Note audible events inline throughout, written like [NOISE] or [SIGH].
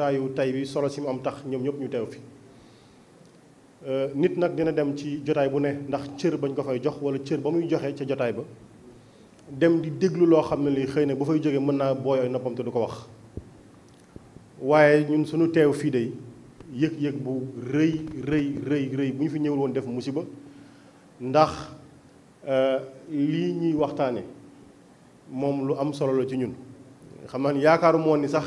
jotaayu tay bi solo si mu am tax ñoom ñëpp ñu teew fi euh, nit nag dina dem ci jotaay bu ne ndax cër bañ ko fay jox wala cër ba muy joxee ca jotaay ba dem di déglu loo xam ne lii xëy na bu fay jógee mën naa booyoo noppam te du ko wax waaye ñun suñu teew fii day yëg-yëg bu rëy rëy rëy rëy bu ñu fi ñëwul woon def musiba ndax euh, lii ñuy waxtaane moom lu am solo la ci ñun xam naa yaakaaru moon ni sax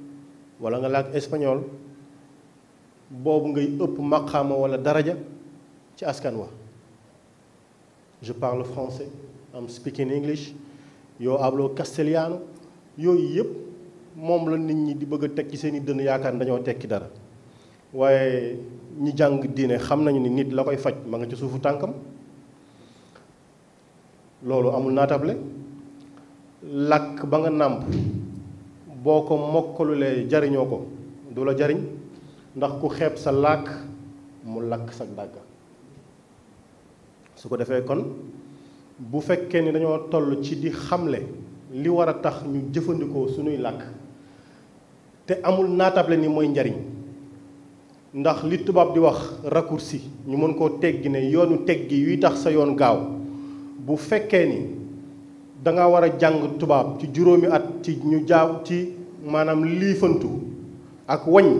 wala nga làkk espagnol boobu ngay ëpp maqaama walla daraja ci askan wa je parle français am speaking English yow hablo castellano yooyu yëpp moom la nit ñi di bëgg a teg ci seen i dënn yaakaar dañoo tekki dara waaye ñi jàng diine xam nañu ni nit la koy faj ma nga ci suufu tànkam loolu amul naatable làkk ba nga nàmp boko ko mokkalulee jariñoo ko du la jariñ ndax ku xeb sa lak mu lak sa dàgg su ko kon bu fekke ni dañoo tollu ci di xamle li wara tax ñu jëfëndiko suñuy lak te amul natable ni moy njariñ ndax li tubab di wax raccourci ñu mën ko teggi yoonu teggi yu tax sa yoon gaaw bu fekke ni da nga wara jang tubab ci juróomi at ci ñu jaaw ci maanaam liifantu ak wagn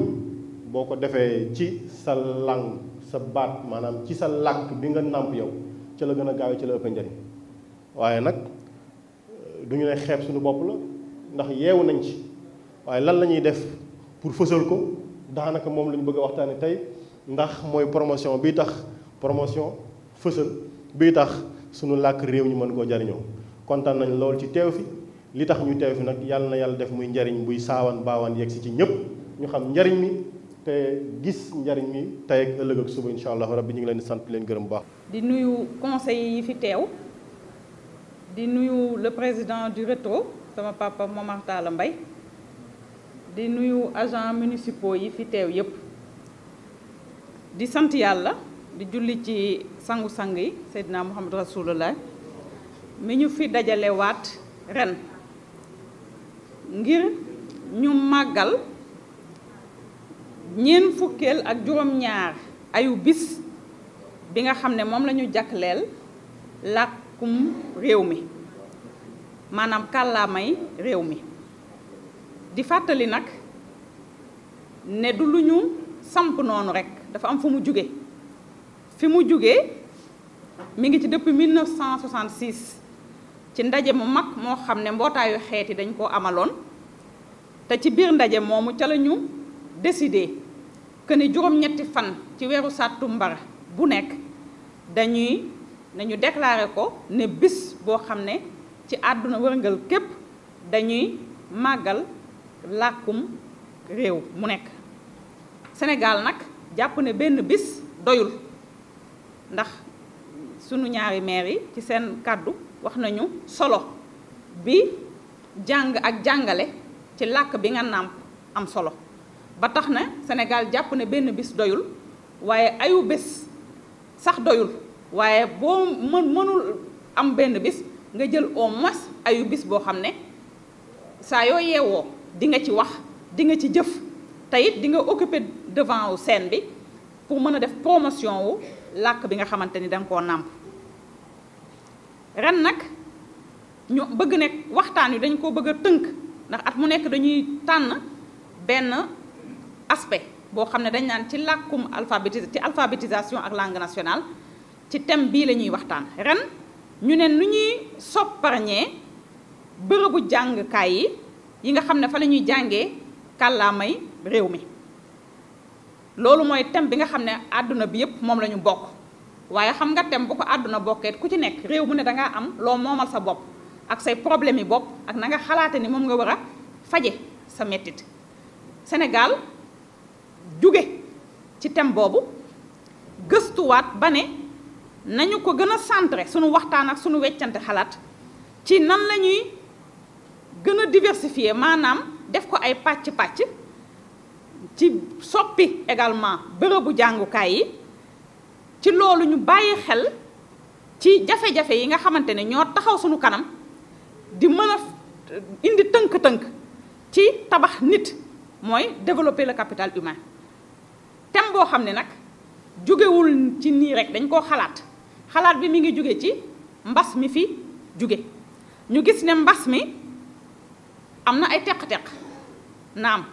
salang defé ci sa lang sa baat manam ci sa làkk bi nga namp yow ci la gëna gaaw ci la ëpp waye nak euh, duñu lay suñu bop la ndax yewu nañ ci waye lan lañuy def pour fësal ko daanaka moom la bëgg a tay ndax moy promotion bi tax promotion fësal bi tax suñu lak réew ñu mën kontaan nañ lool ci teew fi li tax ñu teew fi nag yàlla na yàlla def muy njariñ buy saawan baawaan yegg si ci ñëpp ñu xam njariñ mi te gis njariñ mi tey ak ëllëg ak suba incha allah rabbi ñu ngi leen di sant leen gërëm baax. di nuyu conseil yi fi teew di nuyu le président du RETO sama papa Momar Talla Mbaye di nuyu agent municipaux yi fi teew yépp di sant yàlla di julli ci sangu-sang yi Seydina Mouhamed Rasulullah mi ñu fi dajalewaat ren ngir ñu màggal ñeent fukkeel ak juróom-ñaar ayu bis bi nga xam ne moom la ñu jagleel làkkum réew mi maanaam kàllaamay réew mi di fàttali nag ne du lu ñu samp noonu rekk dafa am fu mu jóge fi mu jóge mi ngi ci depuis 1966 ci ndaje mu mag moo xam ne mbootaayu xeet yi dañ koo amaloon te ci biir ndaje moomu ca la ñu décidé que ni juróom-ñetti fan ci weeru sàttumbar bu nekk dañuy nañu déclaré ko ne bis boo xam ne ci àdduna wërngal képp dañuy màggal làkkum réew mu nekk senegal nag jàpp ne benn bis doyul ndax sunu ñaari meer yi ci seen kàddu wax nañu solo bi jàng ak jàngale ci làkk bi nga nàmp am solo ba tax na Sénégal jàpp ne benn bis doyul waaye ayu bés sax doyul waaye boo mën mënul am benn bis nga jël au moins ayu bis boo xam ne saa yoo yeewoo di nga ci wax di nga ci jëf te it di nga occuper devant wu seen bi pour mën a def promotion wu làkk bi nga xamante ni da nga koo nàmp ren nag ñu bëgg nekk waxtaan wi dañ ko bëgg a tënk ndax at mu nekk dañuy tànn benn aspect boo xam ne dañ naan ci làkkum alphabétis ci alphabétisation ak langue nationale ci thème bii la ñuy waxtaan ren ñu ne nu ñuy sopparñee bërëbu jàngkaay yi yi nga xam ne fa la ñuy jàngee kàllaamay réew mi loolu mooy thème bi nga xam ne àdduna bi yépp moom lañu bokk waaye xam nga tem bu ko àdduna bokkeet ku ci nekk réew bu ne da am loo moomal sa bopp ak say problème yi bopp ak na nga xalaate ni moom nga war a faje sa mettit Sénégal juge ci tem boobu gëstuwaat ba ne nañu ko gën a centré suñu waxtaan ak suñu weccante xalaat ci nan la ñuy gën a diversifier maanaam def ko ay pàcc-pàcc ci soppi également bërëbu jàngukaay yi ci loolu ñu bàyyi xel ci jafe-jafe yi nga xamante ne ñoo taxaw suñu kanam di mën a indi tënk-tënk ci tabax nit mooy développer le capital humain tem boo xam ne nag jógewul ci nii rek dañ koo xalaat xalaat bi mi ngi jóge ci mbas mi fi jóge ñu gis ne mbas mi am na ay teq-teq naam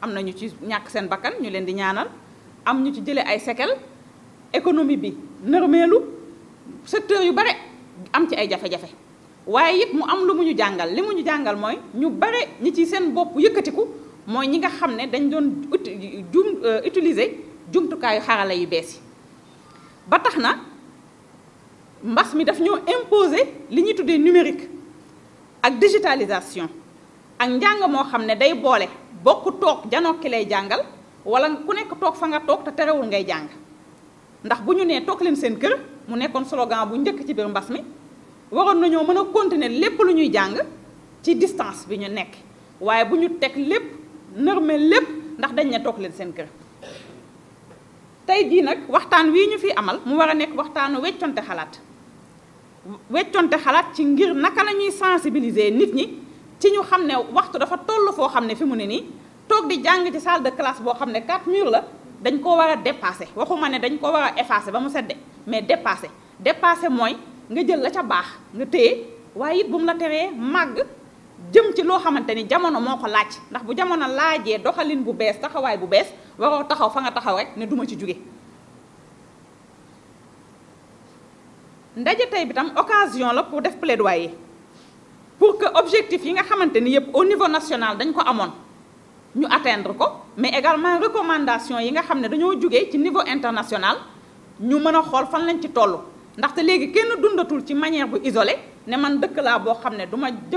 am na ñu ci ñàkk seen bakkan ñu leen di ñaanal am ñu ci jële ay sekel économie bi nërmeelu secteur yu bare am ci ay jafe-jafe waaye it mu am lu mu ñu jàngal li mu ñu jàngal mooy ñu bare ñi ci seen bopp yëkkatiku mooy ñi nga xam ne dañ doon ut jum euh, utiliser jumtukaayu xarala yi bees yi ba tax na mbas mi daf ñoo imposer li ñuy tuddee numérique ak digitalisation ak njàng moo xam ne day boole bokk toog janoo ki lay jàngal wala ku nekk toog fa nga toog te terewul ngay jàng ndax bu ñu nee toog leen seen kër mu nekkoon slogan bu njëkk ci biir mbas mi waroon nañoo mën a continuer lépp lu ñuy jàng ci distance bi ñu nekk waaye bu ñu teg lépp nërme lépp ndax dañ ne toog leen seen kër. tey jii nag waxtaan wii ñu fi amal mu war a nekk waxtaanu wecconte xalaat wecconte xalaat ci ngir naka lañuy ñuy sensibiliser nit ñi ci ñu xam ne waxtu dafa toll foo xam ne fi mu ne nii toog di jàng ci salle de classe boo xam ne quatre murs la. dañ ko war a dépassé waxuma ne dañ ko war a effacé ba mu sedde mais dépassé dépassé mooy nga jël la ca baax nga téye waaye it bu mu la teree màgg jëm ci loo xamante ni jamono moo ko laaj ndax bu jamono laajee doxalin bu bees taxawaay bu bees waroo taxaw fa nga taxaw rek ne duma ci jóge ndaje tey bi tam occasion la pour def plaidoyer pour que objectif yi nga xamante ni yëpp au niveau national dañ ko amoon ñu atteindre ko mais également recommandation yi nga xamné ne dañoo jugee ci niveau international ñu mëna xol fan lañ ci ndax té légui kenn dundatul ci manière bu isolé né man dëkk la bo xamné duma du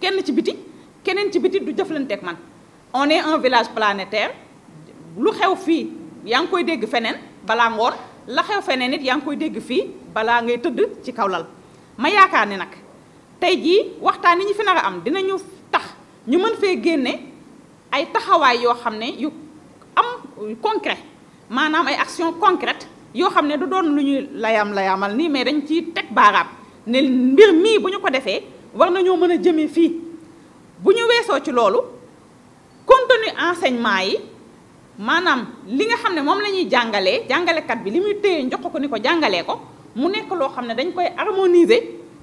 kenn ci biti kenen ci biti du jëflanteeg man on est un village planétaire lu xew fi yang koy dégg fenen bala ngoon la xew fenen nit yang koy dégg fi bala ngay tëdd ci kaw ma yaakaar ni tay ji waxtaan ni ñi fi nar a am dinañu tax ñu mën fee génne ay taxawaay yoo xam ne yu am concret maanaam ay action concrète yoo xam ne du doon lu ñuy layam layamal nii mais dañ ci teg baaraam ne mbir mii bu ñu ko defee war nañoo mën a jëmee fii bu ñu weesoo ci loolu contenu enseignement yi maanaam li nga xam ne moom la ñuy jàngalee jàngalekat bi li muy téye njox ko ni ko jàngalee ko mu nekk loo xam ne dañ koy harmoniser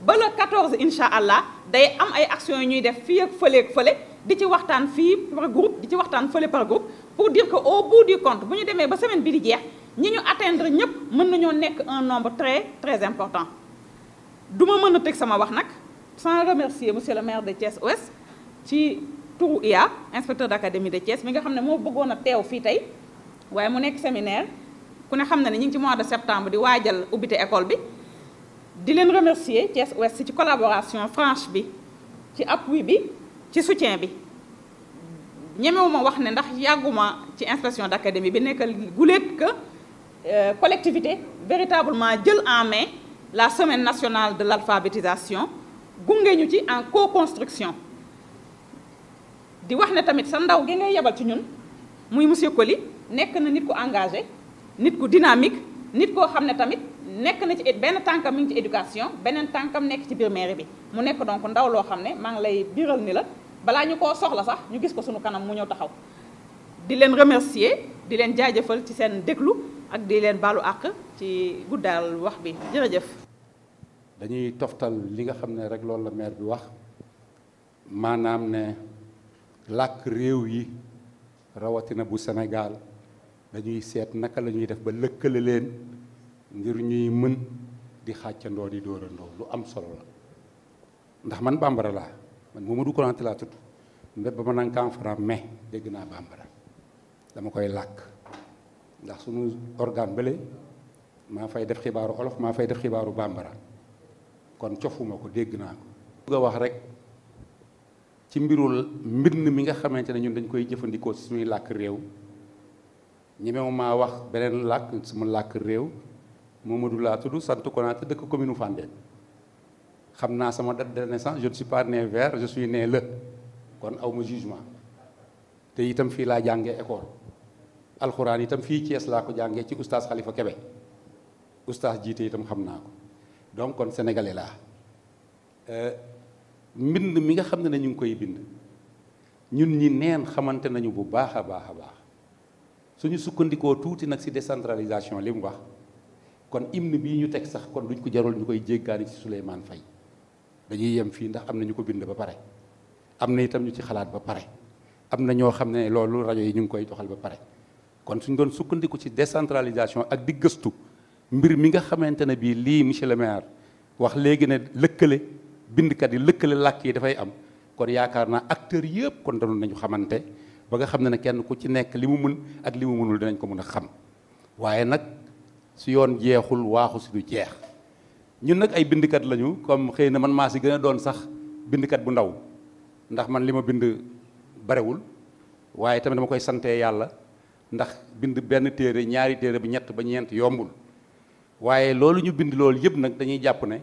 ba le 14 incha day am ay actions ñuy def fi ak feulé ak feulé di ci waxtaan fi par groupe di ci waxtaan feulé par groupe pour dire que au bout du compte buñu démé ba semaine bi di jeex ñi ñu atteindre ñëpp mën nañoo nekk un nombre très très important. du mëna tek sama wax nak sans remercier monsieur le maire de Thiès Ouest ci turu IA inspecteur d'académie de Thiès mi nga xamné mo bëggona bëggoon fi tay waye mu nekk séminaire ku ne xam na ne ñu ngi ci mois de septembre di waajal ubité école bi di leen remercier Thiès Ouest ci collaboration franche bi ci appui bi ci soutien bi ñemewuma wax ne ndax yàgguma ci inspection d'académie bi nekk guléet que euh, collectivité véritablement jël en main la semaine nationale de l'alphabétisation gunge ñu ci en co-construction di wax ne tamit sa ndaw gi ngay yebal ci ñun muy monsieur Coly nekk na nit ku engagé nit ku dynamique nit koo xam tamit nek na ci benn tànkam mi ci éducation benen tankam nek ci biir mairie bi mu nek donc ndaw lo xam ne maa lay biral ni la bala ñu koo soxla sax ñu gis ko suñu kanam mu ñëw taxaw di leen remercier di leen jaajeufal ci sen déglu ak di leen balu ak ci guddal wax bi jërëjëf dañuy toftal li nga xam rek lool la maire bi wax manam ne làkk réew yi rawatina bu Sénégal dañuy seet naka la ñuy def ba lëkkale leen ngir ñuy mën di xàccandoo di dóorandoo lu am solo la ndax man bambara la man mudu Konaté laa tudd mbéb ba ma naan fara mais dégg naa bambara dama koy làkk ndax suñu organe bële maa fay def xibaaru olof maa fay def xibaaru bambara kon cofuma ko dégg naa ko bëgg wax rek ci mbirul mbinn mi nga xamante ne ñun dañ koy jëfandikoo si suñuy làkk réew ñemewu maa wax beneen làkk suma làkk réew Mamadou laa tudd sant Konaté dëkk commune Fandène xam naa sama date de naissance je ne suis pas né vers je suis né le kon aw ma jugement te itam fii laa jàngee école alxuraan yitam fii Thiès laa ko jàngee ci oustaz Khalifa Kebe oustaz jiite itam xam naa ko donc kon sénégalais laa euh, mbind mi nga xam ne ñu ngi koy bind ñun ñi neen xamante nañu bu baax a baax a baax suñu sukkandikoo tuuti nag si décentralisation li wax. kon hymne bii ñu teg sax kon duñ ko jarul ñu koy jéggaani ci Souleymane Faye dañuy yem fii ndax am na ñu ko bind ba pare am na itam ñu ci xalaat ba pare am na ñoo xam ne loolu rajo yi ñu ngi koy doxal ba pare kon suñ doon sukkandiku ci décentralisation ak di gëstu mbir mi nga xamante ne bii lii monsieur le maire wax léegi ne lëkkale bindkat yi lëkkale làkk yi dafay am kon yaakaar naa acteurs yëpp kon danoon nañu xamante ba nga xam ne ne kenn ku ci nekk li mu mën ak li mu mënul dinañ ko mën a xam waaye nag su yoon jeexul waaxu si du jeex ñun nag ay bindkat lañu comme xëy na man maa si gën a doon sax bindkat bu ndaw ndax man li ma bind barewul waaye tamit dama koy santee yàlla ndax bind benn téere ñaari téere bu ñett ba ñeent yombul waaye loolu ñu bind loolu yëpp nag dañuy jàpp ne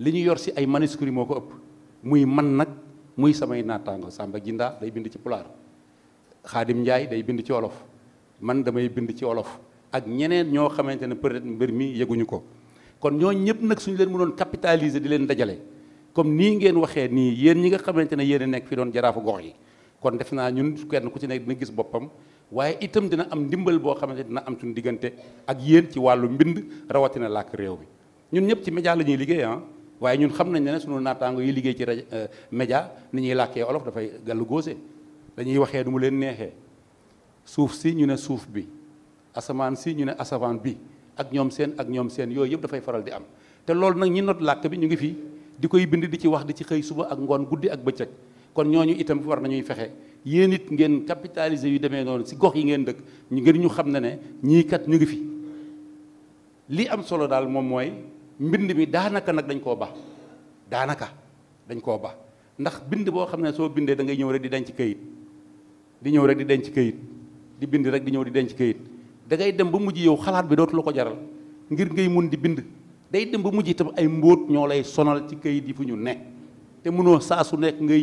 li ñu yor si ay manuscrit moo ko ëpp muy man nag muy samay naataango Samba Ginda day bind ci pulaar jai Njaay day bind ci olof man damay bind ci olof ak ñeneen ñoo xamante ne peut-être mbir mi yëguñu ko kon ñooñu ñëpp nag suñu leen mënoon capitaliser di leen dajale comme nii ngeen waxee nii yéen ñi nga xamante ne yéen a nekk fi doon jaraafu gox yi kon def naa ñun kenn ku ci nekk dina gis boppam waaye itam dina am ndimbal boo xamante dina am suñu diggante ak yéen ci wàllu mbind rawatina làkk réew bi ñun ñëpp ci média la ñuy liggéey ah waaye ñun xam nañ ne suñu naataango yi liggéey ci rajo euh, média ni ñuy làkkee olof dafay gàllu góose dañuy waxee du mu leen neexee suuf si ñu ne suuf bi asamaan si ñu ne asamaan bi ak ñoom seen ak ñoom seen yooyu yëpp dafay faral di am te loolu nag ñi not làkk bi ñu ngi fii di koy bind di ci wax di ci xëy suba ak ngoon guddi ak bëccëg kon ñooñu itam war nañuy fexe yéen it ngeen capitaliser yu demee noonu si gox yi ngeen dëkk ñu ngeen ñu xam ne ne ñii kat ñu ngi fi li am solo daal moom mooy mbind mi daa naka nag dañ koo ba daanaka dañ koo ba ndax bind boo xam ne soo bindee da ngay ñëw rek di denc kayit di ñëw rek di denc kayit di bind rek di ñëw di denc kayit da ngay dem ba mujj yow xalaat bi dootu ko jaral ngir ngay mun di bind day dem ba mujj itam ay mbóot ñoo lay sonal ci kayit yi fu ñu ne te mënoo saa su nekk ngay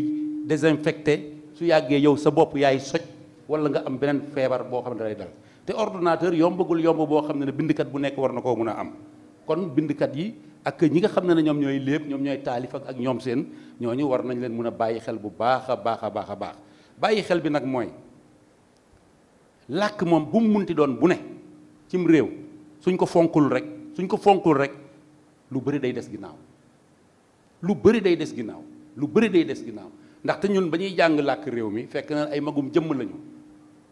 désinfecté su yàggee yow sa bopp yaay soj wala nga am beneen feebar boo xam ne lay dal te ordinateur yombagul yomb boo xam ne ne bindkat bu nekk war na koo mën a am kon bindkat yi ak ñi nga xam ne ne ñoom ñooy léeb ñoom ñooy taalif ak ñoom seen ñooñu war nañ leen mën a bàyyi xel bu baax a baax a baax a baax bàyyi xel bi nag mooy làkk moom bu mu munti doon bu ne cim réew suñ ko fonkul rek suñ ko fonkul rek lu bëri day des ginnaaw lu bëri day des ginnaaw lu bëri day des ginnaaw ndaxte ñun ba ñuy jàng làkk réew mi fekk na ay magum jëmm lañu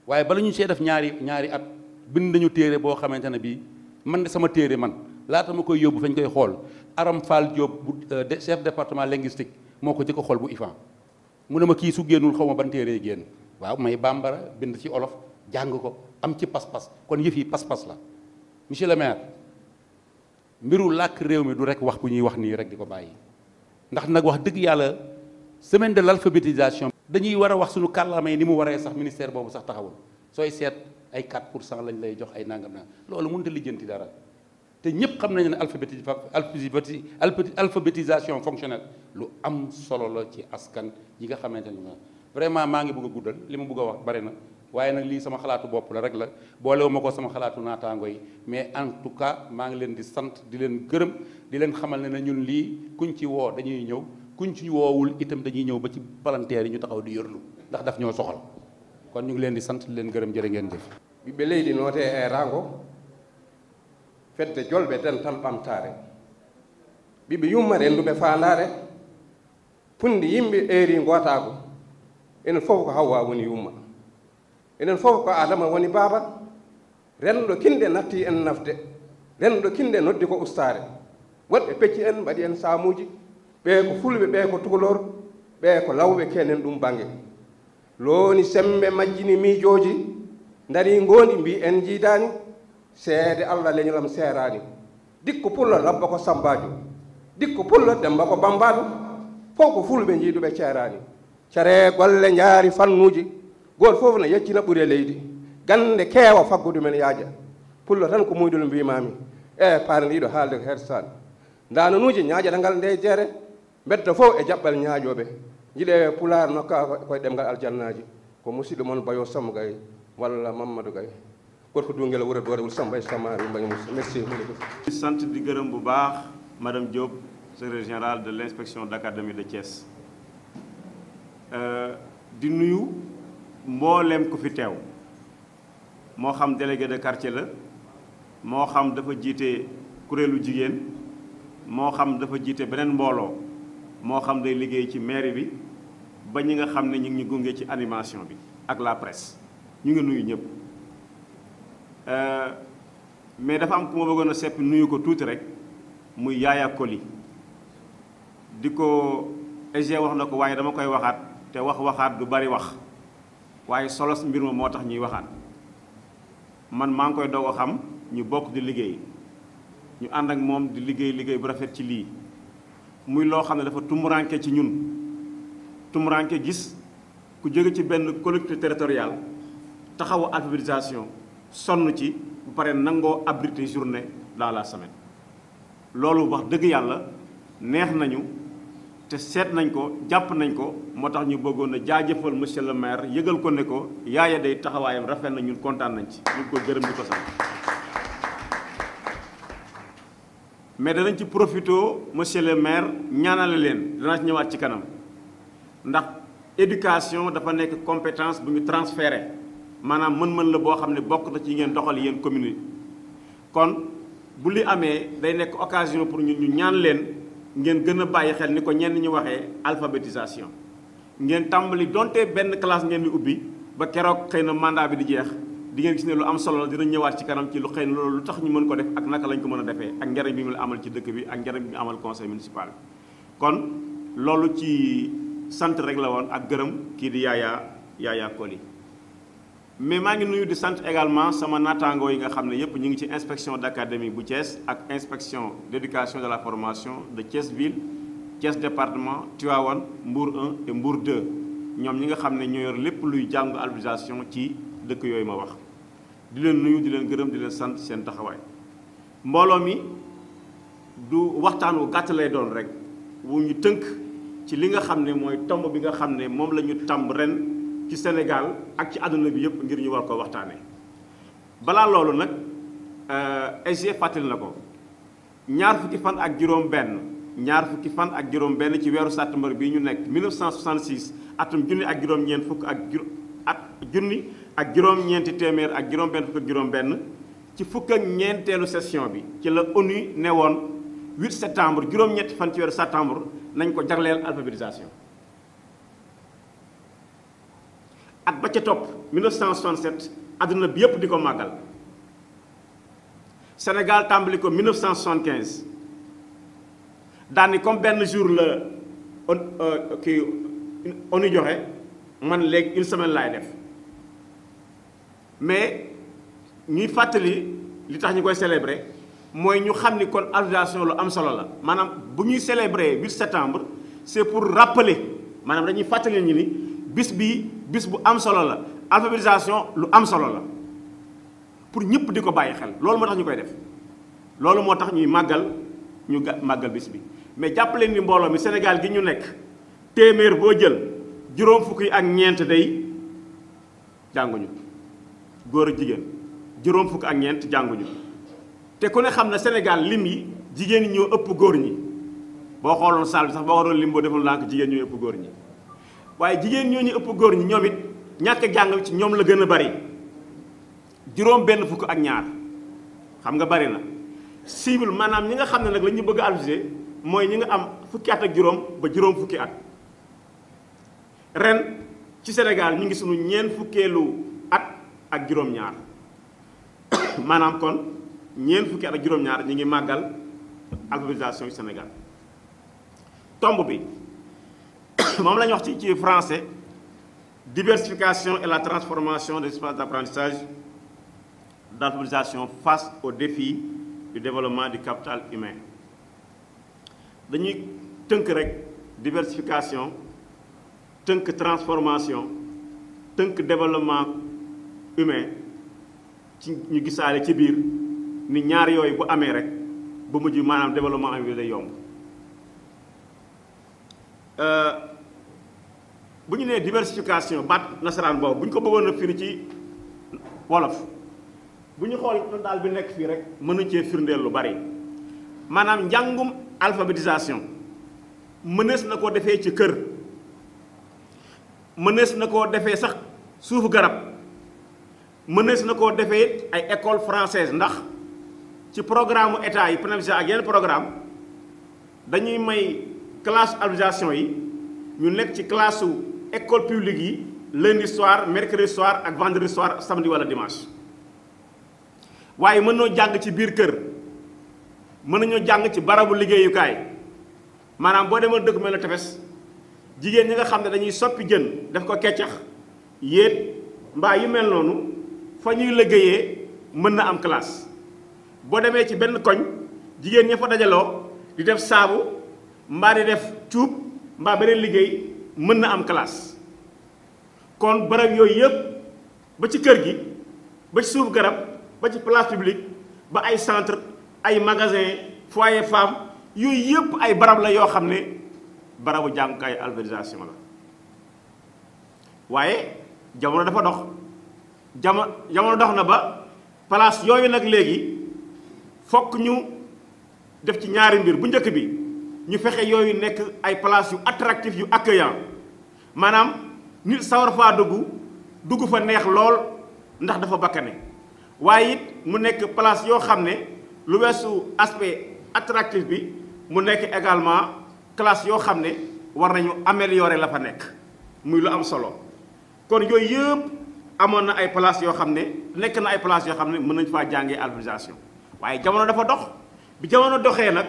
waaye bala ñu see def ñaari ñaari at bind nañu téere boo xamante ne bii man de sama téere man laata ma koy yóbbu fañ koy xool Aram Fall Diop bu euh, chef département linguistique moo ko jëkk a xool bu IFAN mu ne ma kii su génnul xaw ma ban téere génn waaw may bambara bind ci olof. jàng ko am ci pas-pas kon yëf yi pas-pas la monsieur le maire mbiru làkk réew mi du rek wax bu ñuy wax nii rek di ko bàyyi ndax nag wax dëgg yàlla semaine de l'alphabétisation dañuy war a wax suñu kàllaama yi ni mu waree sax ministère boobu sax taxawul sooy seet ay 4 pour cent lañ lay jox ay nangam na loolu mënut a lijjanti dara te ñëpp xam nañ ne alphabéti alphabétisation fonctionnelle lu am solo la ci askan yi nga xamante ne vraiment maa ngi bëgg a guddal li ma bëgg a wax bari na waaye nag lii sama xalaatu bopp la rek la ko sama xalaatu nata yi mais en tout cas maa ngi leen di sant di leen gërëm di leen xamal ne na ñun lii kuñ ci woo dañuy ñëw kuñ ci woowul itam dañuy ñëw ba ci palanteer yi ñu taxaw di yorlu ndax daf ñoo soxal kon ñu ngi leen di sant di leen gërëm jërë ngeen jëf fedde tan ɓamtaare ɓiɓe yummare ennduɓe faandaare punndi yimɓe eeri ngootaako enen fof ko hawwa woni yumma enen fof ko adama woni baaba renɗo kinɗe natti en nafde renɗo kinɗe noddi ko ustare woɗɓe pecci en mbaɗi en samuji ɓe ko fulɓe ɓe ko tukolor ɓe ko lawɓe kenen ɗum bange looni semmbe majjini miijoji dari gondi mbi en jiidani seede allah leñolam seerani dikko pulla labba ko sambajo dikko pulla demba ko bambaɗo fof ko fulɓe jiiduɓe ceerani care golle jaari fannuji goto fof na yacci ɓuuri e leydi gande keewa faggudu men yaaja pullo tan ko muydol mbimami e paane halde haalde ko hersal dananuji nyaaja dangal de jere bedda fof e jaɓɓal ñaajoɓe jiɗe pular ka koye demgal aljannaaji ko musidɗo mon bayo sammo gay walla mamadou gay ko dungel e wuuro doore wul samba e sama mbañ merci sant di geureum bu baax madame Diop secrétaire général de l'inspection d'académie de Thiès Euh, di nuyu mbooleem ku fi teew moo xam délégué de quartier la moo xam dafa jiite kuréelu jigéen moo xam dafa jiite beneen mbooloo moo xam day liggéey ci mairie bi ba ñi nga xam ne ñu ngi ñu gunge ci animation bi ak la presse ñu ngi nuyu ñëpp euh, mais dafa am ku ma bëggoon a sepp nuyu ko tuuti rek muy Yaaya Koli di ko EG wax na ko waaye dama koy waxaat te wax waxaat du bari wax waaye solos mbir ma moo tax ñuy waxaat man maa ngi koy doog a xam ñu bokk di liggéey ñu ànd ak moom di liggéey liggéey bu rafet ci lii muy loo xam ne dafa tumuranke ci ñun tumuraanke gis ku jóge ci benn collectivité territoriale taxawu alphabétisation sonn ci bu pare nangoo abrité journée dans la semaine loolu wax dëgg yàlla neex nañu te seet nañ ko jàpp nañ ko moo tax ñu bëggoon a jaajëfal monsieur le maire yëgal ko ne ko yaaya day taxawaayam rafet na ñun kontaan nañ ci ñu ngi ko gërëm di ko sant mais danañ ci profité monsieur le maire ñaanale leen danaa ñëwaat ci kanam ndax éducation dafa nekk compétence bu ñu transféré maanaam mën-mën la boo xam ne bokk na ci ngeen doxal yéen commune yi kon bu li amee day nekk occasion pour ñun ñu ñaan leen ngeen gën a bàyyi xel ni ko ñenn ñu waxee alphabétisation ngeen tàmbali donte benn classe ngeen di ubbi ba keroog xëy na mandat bi di jeex di ngeen gis ne lu am solo la dina ñëwaat ci kanam ci lu xëy na loolu lu tax ñu mën ko def ak naka lañ ko mën a defee ak njariñ bi mu amal ci dëkk bi ak njariñ bi mu amal conseil municipal kon loolu ci sant rek la woon ak gërëm kii di Yaya Yaya yi mais maa ngi nuyu di sant également sama natango yi nga xam ne ñi ngi ci inspection d'académie bu Thiès ak inspection d'éducation de la formation de Thiès ville Thiès département Tivaouane Mbour 1 et Mbour 2 ñom ñi nga xam ne yor lépp luy jàngu alphabétisation ci dëkk yoy ma wax di leen nuyu di leen gërëm di leen sant seen taxaway mbolo mi du waxtaan wu gàtt lay doon rek wu ñu tënk ci li nga xam ne mooy tomb bi nga xam ne moom la ñu ren ci Sénégal ak ci aduna bi yëpp ngir ñu war ko waxtaanee balaa loolu nag euh, SG fàttali ko ñaar fan ak juróom-benn ñaar fan ak juróom-benn ci ñu 1966 atum junni ak juróom-ñeent ak at ak ak ci ak session bi ci ONU ne 8 septembre juróom fan ci septembre nañ ko at ba ca topp 1967 aduna bi yépp di ko màggal Sénégal tàmbali ko 1975 daani comme benn jour la euh, kii onu joxe man léegi une semaine lay def mais ñuy fàttali li tax ñu koy célébrer mooy ñu xam ni kon association lu am solo la maanaam bu ñuy célébrer 8 septembre c'est pour rappeler maanaam dañuy fàttali ñu ni bis bisbu, bis bu am solo lu pour ñëpp di ko bàyyi xel loolu moo tax ñu koy def loolu moo ñuy màggal ñu ga màggal mais jàppaleen ni mbooloo mi Sénégal gi ñu nekk téeméer boo jël juróom fukki ak ñeent day jànguñu góor a jigéen juróom fukki ak ñeent te na Sénégal lim yi ëpp ñi sax waaye jigéen ñooñu ëpp góor ñi ñoom it ñàkk jàng ci ñoom la gën a bari juróom benn fukk ak ñaar xam nga bari na cible maanaam ñi nga xam ne nag lañu bëgg a mooy ñi nga am fukki at ak juróom ba juróom fukki at ren ci Sénégal ñu ngi sunu ñeent fukkeelu at ak juróom-ñaar [COUGHS] maanaam kon ñeent fukki at ak juróom-ñaar ñu ngi màggal alphabétisation yu Sénégal tomb bi Je la ñu wax ci français diversification et la transformation des espaces d'apprentissage d'alphabétisation face aux défis du développement du capital humain Nous avons, rek diversification tënk transformation tënk développement humain ci ñu gisaale ci biir ni ñaar l'amérique bu le rek développement humain bi bu ñu nee diversification baat nasaraan boobu bu ñu ko bëggoon a firi ci wolof bu ñu xool noonu daal bi nekk fii rek mënuñ cee firndeer lu bari maanaam njàngum alphabétisation mënees na koo defee ci kër mënees na koo defee sax suufu garab mënees na ko defee ay école française ndax ci programme état yi PNAFJA ak yenn programme dañuy may classe alphabétisation yi ñu nekk ci classe su école publique lundi soir mercredi soir ak vendredi soir samedi wala dimanche Waye mën noo jàng ci biir kër mën nañoo jàng ci barabu liggéeyukaay maanaam boo demoon dëkk mel ne tefes jigéen ñi nga xam ne dañuy soppi jën def ko keccax yéet mbaa yu mel noonu fa ñuy liggéeyee mën na am classe boo demee ci benn koñ jigéen ña fa dajaloo di def saabu mbaa di def cuub mbaa beneen liggéey mën na am classe kon barab yooyu yëpp ba ci kër gi ba ci suuf garab ba ci place publique ba ay centre ay magasin foye femme yooyu yëpp ay barab la yoo xam ne barabu jàngukaay alphabétisation la waaye jamono dafa dox jamo jamono dox na ba place yooyu nag léegi fokk ñu def ci ñaari mbir bu njëkk bi ñu fexe yooyu nekk ay place yu attractif yu accueillant manam nit sawar fa dugg dugg fa neex lol ndax dafa bakane waye mu nek place yo xamne lu weesu aspect attractif bi mu nek également classe yo xamne war nañu améliorer la fa nekk muy lu am solo kon yoy yeb amoon ay place yo xamne nek na ay place yo xamne meun nañ fa jangé alphabétisation waye jamono dafa dox bi jamono doxé nak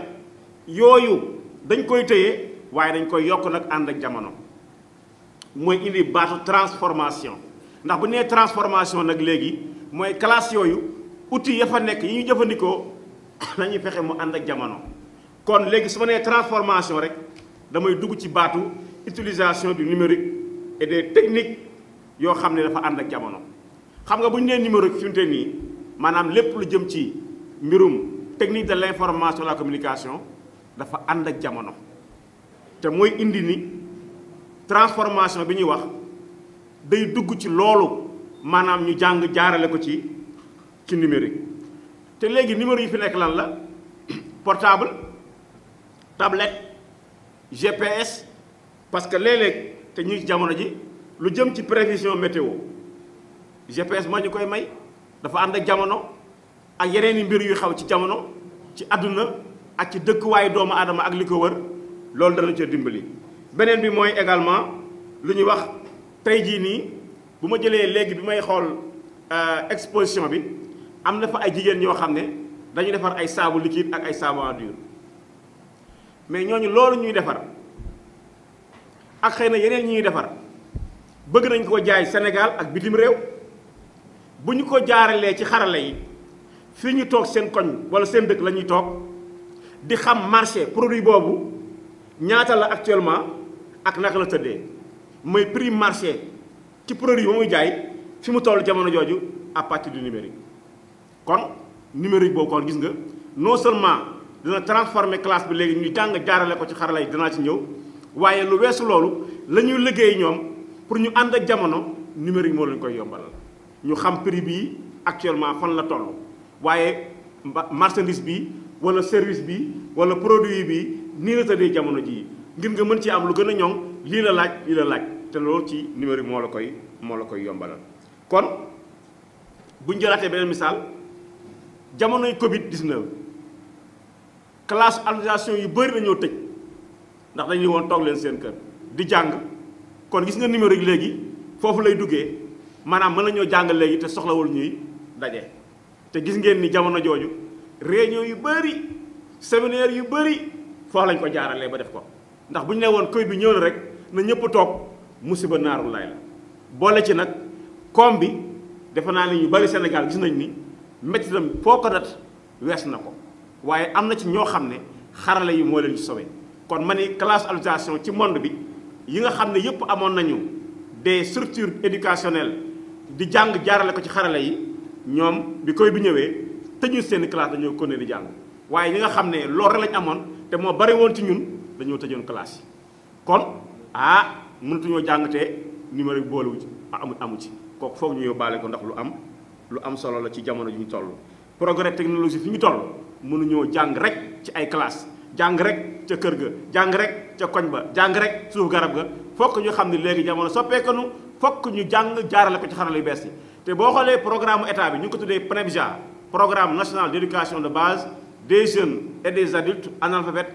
yooyu dañ koy teyé waye dañ koy yok nak and ak jamono moy indi baatu transformation ndax bu nee transformation nak léegi moy classe yoyu outil ya fa nek yi ñu jëfandikoo [COUGHS] nañuy fexe mu and ak jamono. kon léegi suma né transformation rek damay dugg ci batu utilisation du numérique et des techniques Yo, xamné dafa and ak jamono xam nga buñu né numérique fi ni. manam lepp lu jëm ci mbirum technique de l'information information la communication dafa and ak jamono té moy indi ni. transformation bi ñuy wax day dugg ci loolu maanaam ñu jàng jaarale ko ci ci numérique te léegi numéro yi fi nekk lan la [CLEARS THROAT] portable tablette GPS parce que léeg-léeg te ñu jamono ji lu jëm ci prévision météo GPS moo ñu koy may dafa ànd ak jamono ak yeneen i mbir yu xaw ci jamono ci àdduna ak ci dëkkuwaayu doomu aadama ak li ko wër loolu dana ca dimbali. beneen bi également également luñu wax bi euh, exposition bi amna fa ay jigen ño xamné dañu ay liquide ak ay dur mais ñoñu lolu ñuy défar ak xeyna yeneen ñuy défar bëgg nañ ko jaay Sénégal ak bitim réew buñu ko ci yi seen wala seen dëkk di xam marché produit ñaata la actuellement. ak naka la tëddee mooy prix marché ci produit ba muy jaay fi mu toll jamono jooju à partir du numérique kon numérique boobu kon gis nga non seulement dina transformer classe bi léegi ñu jàng jaarale ko ci xarala yi danaa ci ñëw waaye lu weesu loolu la ñuy liggéey ñoom pour ñu ànd ak jamono numérique moo leen koy yombalal ñu xam prix bii actuellement fan la toll waaye mba marchandise bi wala service bi wala produit bi nii la tëddee jamono jii ngir nga mën ci am lu gën a ñoŋ lii la laaj lii la laaj te loolu ci numéro moo la koy moo la koy yombalal kon buñ jëlaatee beneen misaal jamonoy covid 19 classe organisation yu bëri dañoo tëj ndax dañu woon toog leen seen kër di jàng kon gis nga numéro yi léegi foofu lay duggee maanaam mën nañoo jàng léegi te soxlawul ñuy daje te gis ngeen ni jamono jooju réunion yu bëri séminaire yu bëri foofu lañ ko jaaralee ba def ko ndax bu ñu nee woon Covid bi ñëwee na rek na ñëpp toog musiba naaru lay la boole ci nag koom bi defe naa ni ñu bari Sénégal gis nañ ni méttitam foo ko nat wees na ko waaye am na ci ñoo xam ne xarala yi moo leen ci sauvé kon ma ni classe allocation ci monde bi yi nga xam ne yëpp amoon nañu des structures éducationnelles di jàng jaarale ko ci xarala yi ñoom bi koy bi ñëwee tëjul seen classe dañoo continuer di jàng waaye yi nga xam ne lool rek lañ amoon te moo bari woon ci ñun dañoo tëjoon yi kon ah mënatuñoo jàngatee numéro bi boolewu ci ah, amu amu ci kooku foog ñu yóbbaale ko ndox lu am lu am solo la ci jamono ju toll. progrès technologie fi ñu toll mënuñoo jàng rek ci ay classe jàng rek ca kër ga jàng rek ca koñ ba jàng rek suuf garab ga fokk ñu xam ne léegi jamono soppeeku nu fokk ñu jàng jaarale ko ci xarala yu bees yi te boo xoolee programme état bi ñu ko tuddee PNEBJA programme national d' de base des jeunes et des adultes analphabètes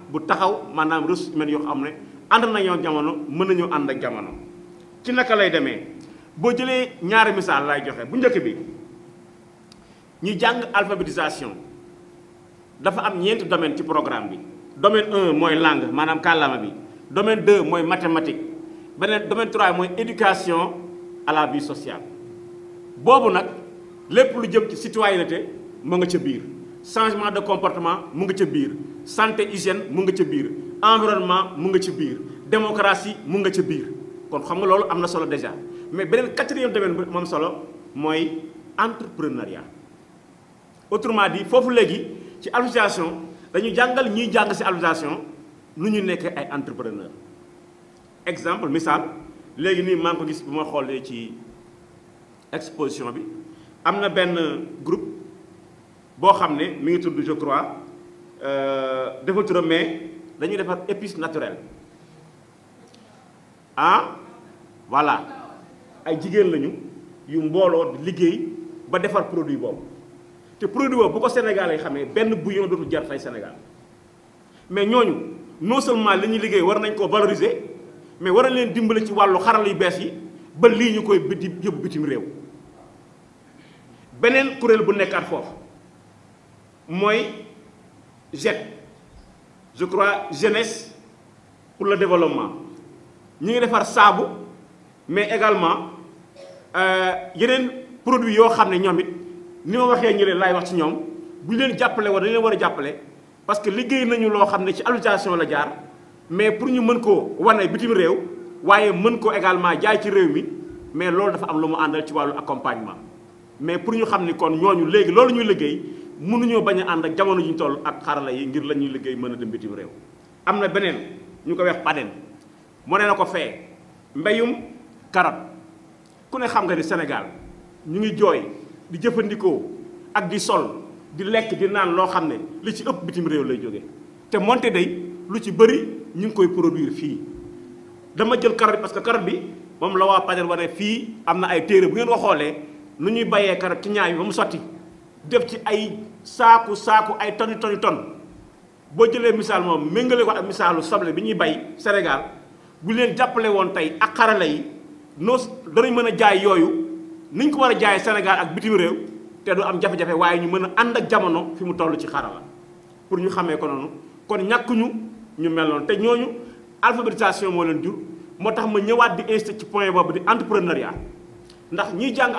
bu taxaw maanaam ressources humaines yoo xam ne ànd nañoo jamono mën nañoo ànd ak jamono. ci naka lay demee boo jëlee ñaari misaal lay joxe bu njëkk bi ñu jàng alphabétisation dafa am ñeenti domaine ci programme bi. domaine un mooy langue maanaam kàllaama bi domaine de mooy mathématique beneen domaine trois mooy éducation à la vie boobu nag lépp lu jëm ci citoyenneté mu nga ca biir. changement de comportement mu ngi ci biir santé hygiène mu nga ci biir environnement mu nga ci biir démocratie mu nga ci biir kon xam nga loolu am na solo déjà mais beneen quatrième domaine bi moom solo mooy entrepreneuriat autrement dit foofu léegi ci alphabétisation dañu jàngal ñuy jàng ci alphabétisation nu ñu nekk ay entrepreneur exemple misaal léegi nii maa ngi ko gis bu ma xoolee ci exposition bi am na benn groupe boo xam mi ngi tudd je crois euh, dafa turam mais dañuy defar épices naturelles. ah voilà ay jigéen lañu yu mbolo liggéey ba defar produit bob té produit bob bu ko sénégalais xamé xamee benn bouillon dootul jar fay Sénégal mais ñooñu non seulement li ñuy liggéey war nañ ko valoriser mais war nañ leen dimbali ci walu xarala yu bees yi ba lii ñu koy biti yóbbu bitim réew beneen kuréel bu nekkaat foofu mooy jet je crois jeunesse pour le développement ñu ngi defar mais également euh, yeneen produits yoo xam ne ñoom it ni ma waxee ñu leen laay wax ci ñoom bu ñu leen jàppale dañu leen war parce que liggéey nañu loo xam ne ci allocation la jaar mais pour ñu mën koo wane bitim réew waaye mën ko également jaay ci réew mi mais loolu dafa am lu mu àndal ci wàllu accompagnement mais pour ñu xam ni kon ñooñu léegi loolu ñuy liggéey mënuñoo bañ a ànd ak jamono ñu toll ak xarala yi ngir lañuy liggéey mën a dem bitim réew am na beneen ñu ko wex paden mo ne na ko fee karab ku ne xam nga ni sénégal ñu ngi jooy di jëfandikoo ak di sol di lekk di naan loo xam ne li ci ëpp bitim réew lay jóge te monte day lu ci bëri ñu ngi koy produire fii dama jël karot parce que karot bi moom la waa paden wane fii am ay téere bu ngeen ko nu ñuy bayee ci ñaay bi mu sotti def ci ay saaku saaku ay toni toni ton boo jëlee misaal moom méngale ko ak misaalu soble bi ñuy bay Sénégal bu leen jàppale woon tey ak xarala yi noo danañ mën a jaay yooyu niñ ko war a jaay Sénégal ak bitim réew te du am jafe-jafe waaye ñu mën a ànd ak jamono fi mu toll ci xarala pour ñu xamee ko noonu kon ñàkkuñu ñu mel noonu te ñooñu alphabétisation moo leen jur moo tax ma ñëwaat di insisté ci point boobu di entrepreneuriat ndax ñiy jàng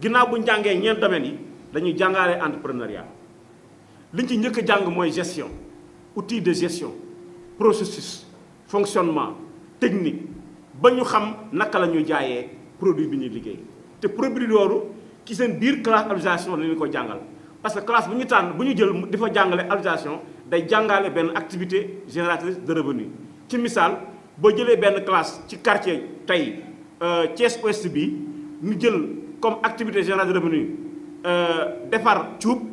ginnaaw bu ñu jàngee ñeent domaines yi. dañuy jàngaale entrepreneuriat liñ ci njëkk a jàng mooy gestion outil de gestion processus fonctionnement technique ba ñu xam naka la ñuy jaayee produit bi ñuy liggéey te produit loolu ci seen biir classe alphabétisation la ñu ko jàngal parce que classe bu ñu tànn bu ñu jël di fa jàngale alphabétisation day jàngale benn activité génératrice de revenu ci misaal boo jëlee benn classe ci quartier tey euh, Thiès Ouest bi ñu jël comme activité génératrice de revenu Euh, defar cuub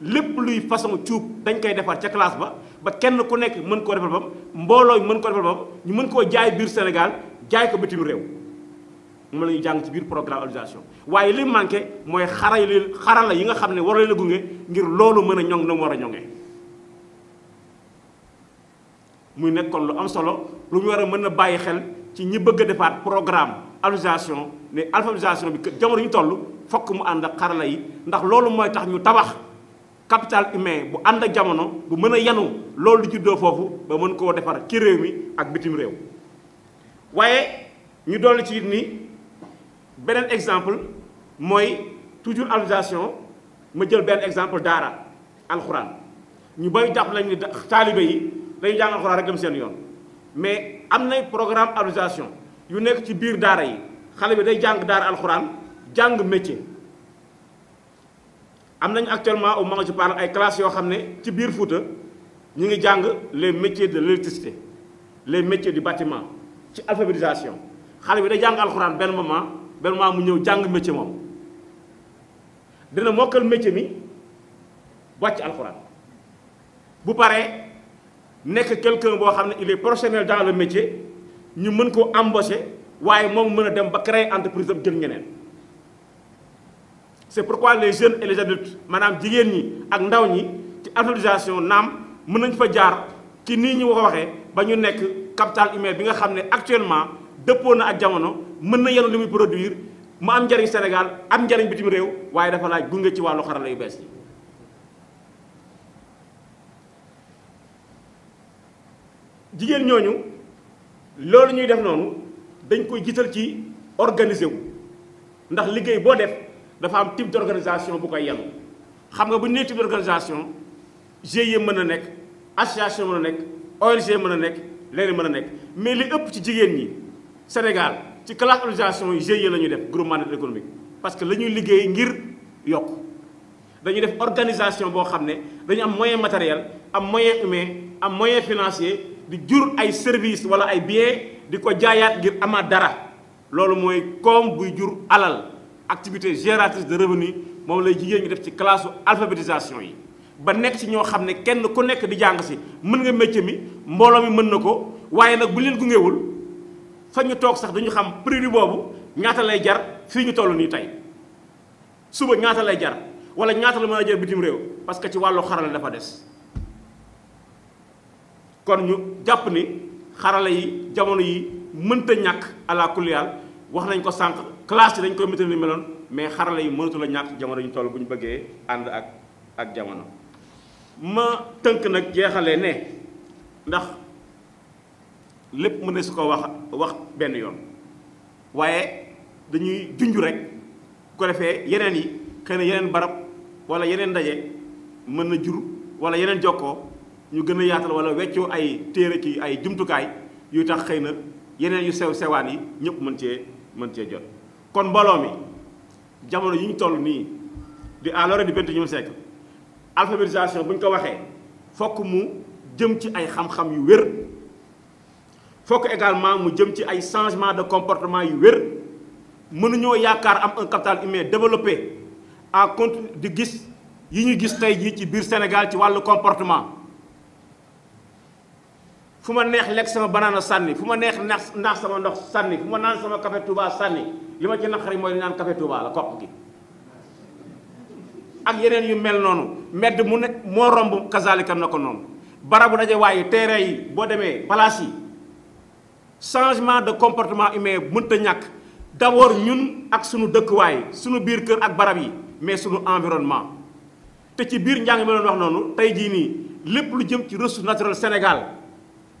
lépp luy façon cuub dañ koy defar ca classe ba ba kenn ku nekk mën koo defar bam mbooloo mën koo defar bam ñu mën koo jaay biir Sénégal jaay ko bitim réew moom la ñuy jàng ci biir programme organisation waaye li manqué mooy xaray li xarala yi nga xam ne war leen a gunge ngir loolu mën a ñoŋ na mu war a ñoŋee muy nekkoon lu am solo lu ñu war a mën na bàyyi xel ci ñi bëgg a defaat programme alphabétisation mais alphabétisation bi jamono ñu tollu fokk mu and ak xarala yi ndax loolu mooy tax ñu tabax capital humain bu and ak jamono bu mën a yanu loolu ci do foofu ba mën koo defar ci réew mi ak bitim réew waaye ñu dolli ci ni beneen exemple mooy toujours alphabétisation ma jël benn exemple daara alxuraan ñu bay jàpp lañ ni taalibe yi dañu jàng alxuraan rek dem seen yoon mais am nay programme alphabétisation yu nekk ci biir daara yi xale bi day jàng daara alxuraan jàng métier am nañ actuellement au moment où parle ay classes yoo xam ne ci biir Fouta ñu ngi jàng les métiers de l'électricité les métiers du bâtiment ci alphabétisation xale bi day jàng alxuraan benn moment benn moment mu ñëw jàng métier moom dina mokkal métier mi wàcc alxuraan bu paree nekk quelqu'un boo xam ne il est professionnel dans le métier. ñu mën koo embaucher waaye moom mën a dem ba créer entreprise am jël ñeneen c'est pourquoi les jeunes et les maanaam jigéen ñi ak ndaw ñi ci alphabétisation naam mën nañ fa jaar ci nii ñu ko waxee ba ñu nekk capital humain bi nga xam ne actuellement dëppoo na ak jamono mën na yenu li muy produire mu am njariñ Sénégal am njariñ bitim réew waaye dafa laaj gunge ci wàllu xarala yu bees yi jigéen ñooñu loolu ñuy def noonu dañ koy jiital ci organiser wu ndax liggéey boo def dafa am type d' organisation bu koy yenu xam nga bu ñu nee type d' organisation e mën na nekk association mën na nekk ONG mën na nekk leneen mën na nekk mais li ëpp ci jigéen ñi Sénégal ci classe organisation GIE la ñuy def groupement d' économique parce que la ñuy liggéey ngir yokk dañuy def organisation boo xam ne dañu am moyen matériel am moyen humain am moyen financier di jur ay service wala ay biens di ko jaayaat ngir amaat dara loolu mooy koom buy jur alal activité génératrice de revenu moom lay jigéen ñi def ci classe alphabétisation yi ba nekk ci ñoo xam ne kenn ku nekk di jàng si mën nga métier mi mbooloo mi mën na ko waaye nag bu leen gungewul fa ñu toog sax dañu xam produit boobu ñaata lay jar fii ñu toll nii tey suba ñaata lay jar wala ñaata la mën a jar bitim réew parce que ci wàllu xarala dafa des kon ñu jàpp ni xarala yi jamono yi mënta ñàkk ala wax nañ ko sànq classe yi dañ koy météo meloon mais xarala yi mënatu la ñàkk jamono ñu toll bu ñu bëggee ànd ak ak jamono. ma tënk nag jeexalee ne ndax lépp mën ne su ko wax wax benn yoon waaye dañuy junj rek ko defee yeneen yi xëy na yeneen barab wala yeneen ndaje mën na jur wala yeneen jokkoo. ñu gën a yaatal wala weccoo ay téere ki ay jumtukaay yu tax xëy na yeneen yu sew sewaan yi ñëpp mën cee mën cee jot. kon mbooloo mi jamono yi ñu toll nii di à l'orée du vingt-et-unième siècle alphabétisation bu ñu ko waxee fokk mu jëm ci ay xam-xam yu wér. fokk également mu jëm ci ay changement de comportement yu wér mënuñoo yaakaar am un capital humain développé en continu di gis yi ñu gis tey jii ci biir Sénégal ci wàllu comportement. fu ma neex lekk sama banaana sànni fu ma neex nax naax sama ndox sànni fu ma naan sama café Touba sànni li ma ci naqari mooy naan café Touba la kopp gi ak yeneen yu mel noonu medd mu ne moo romb kazaalika na ko noonu barabu daje waaye terrain yi boo demee palaas yi changement de comportement humain mënta ñàkk d'abord ñun ak sunu dëkkuwaay sunu biir kër ak barab yi mais sunu environnement te ci biir njàng mi wax noonu tey jii nii lépp lu jëm ci ressource naturelle Sénégal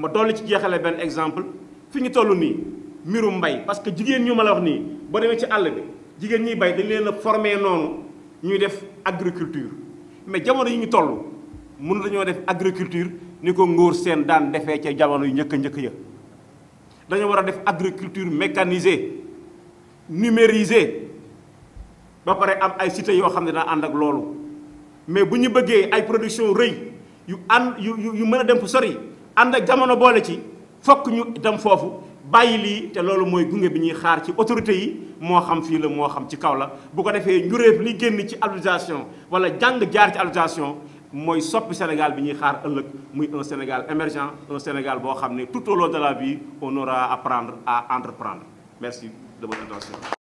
ma dolli ci jeexale benn exemple fi ñu toll nii mbirum mbay parce que jigéen ñu ma la wax nii boo ci àll bi jigéen ñiy bay dañ leen a formé noonu ñuy def agriculture mais jamono yi ñu toll mën dañoo def agriculture ni ko ngóor seen daan defee ca jamono yu njëkk njëkk ya dañoo war a def agriculture mécanisée numérisée ba pare am ay cité yoo xam ne daa ànd ak loolu mais bu ñu bëggee ay production rëy yu ànd yu yu mën a dem fu sori ànd ak jamono boole ci fokk ñu dem foofu bàyyi lii te loolu mooy gunge bi ñuy xaar ci autorité yi moo xam fii la moo xam ci kaw la bu ko defee njuréef li génn ci allotisation wala jàng jaar ci allotisation mooy soppi Sénégal bi ñuy xaar ëllëg muy un Sénégal émergent un Sénégal boo xam ne tout au long de la vie on aura à apprendre à entreprendre merci de votre attention